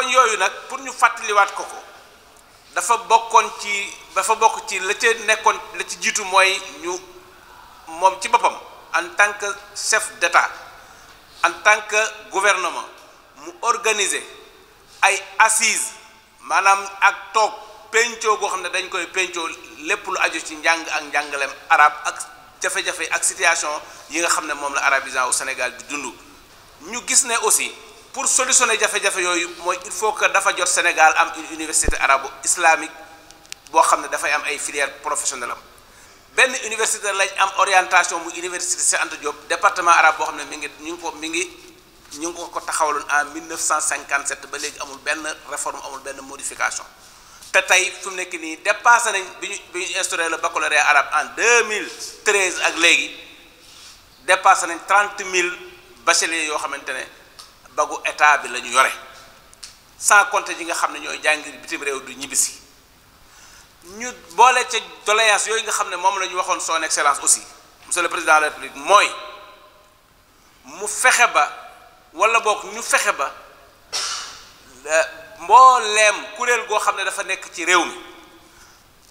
kon yooyu pour ñu dafa ci bokk ci la ci ñu ci en tant que chef d'état en tant que gouvernement mu organiser ay assise madame ak toog pencoo goo xam dañ koy lu arab ak jafe-jafe ak situation yi nga la au Sénégal nous dund ñu aussi pour solutionner jafe-jafe yooyu mooy il faut que dafa jot Sénégal am une université arabo islamique boo xam ne dafay am ay filière professionnelle am benn université lañ am orientation mu université Cheikh Anta Diop département arabe boo xam ne mi ngi ñu ngi ko mi ngi ñu ngi ko taxawaloon en 1957 ba léegi amul benn réforme amul benn modification te tey fi nekk nii dépassé nañ bi ñu bi la instauré le baccalauréat arabe en 2013 ak léegi dépassé nañ 30 mille bacheliers yoo xamante ne. bagu état bi lañu yore sans compter ñi nga xamné ñoy ñooy jàngir bitim réew du ñibisi ñu bolé ci doléance yoy nga xamné mom lañu waxon son excellence aussi monsieur le président de la république moy mu fexe ba wala bok ñu fexe ba mbooleem kurel go xamné dafa nek ci réew mi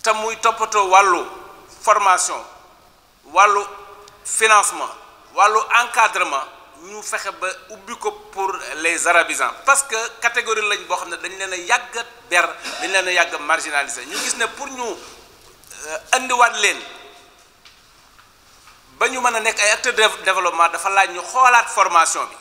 ta muy topato walu formation walu financement walu encadrement ñu fexe ba ubbi ko pour les arabisants parce que catégorie lañ boo xam ne dañ leen a yàgg ber dañ leen a yàgg marginaliser ñu gis ne pour ñu indiwaat euh, leen ba ñu mën a nekk ay acteurs de développement dafa laaj ñu xoolaat formation bi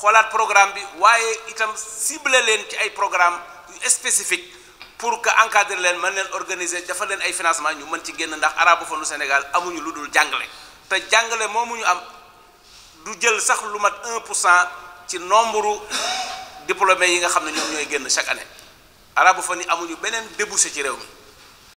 xoolaat programme bi waaye itam ciblé leen ci ay programme yu spécifique pour que encadrer leen mën leen organiser dafa leen ay financement ñu mën ci génn ndax arabophone Sénégal amuñu lu dul jàngale te jàngale moomu am. lu jël sax lu mat 1 pour cent ci nombre diplômés yi nga xam ne ñoom ñooy génn chaque année ni amuñu beneen débouché ci réew mi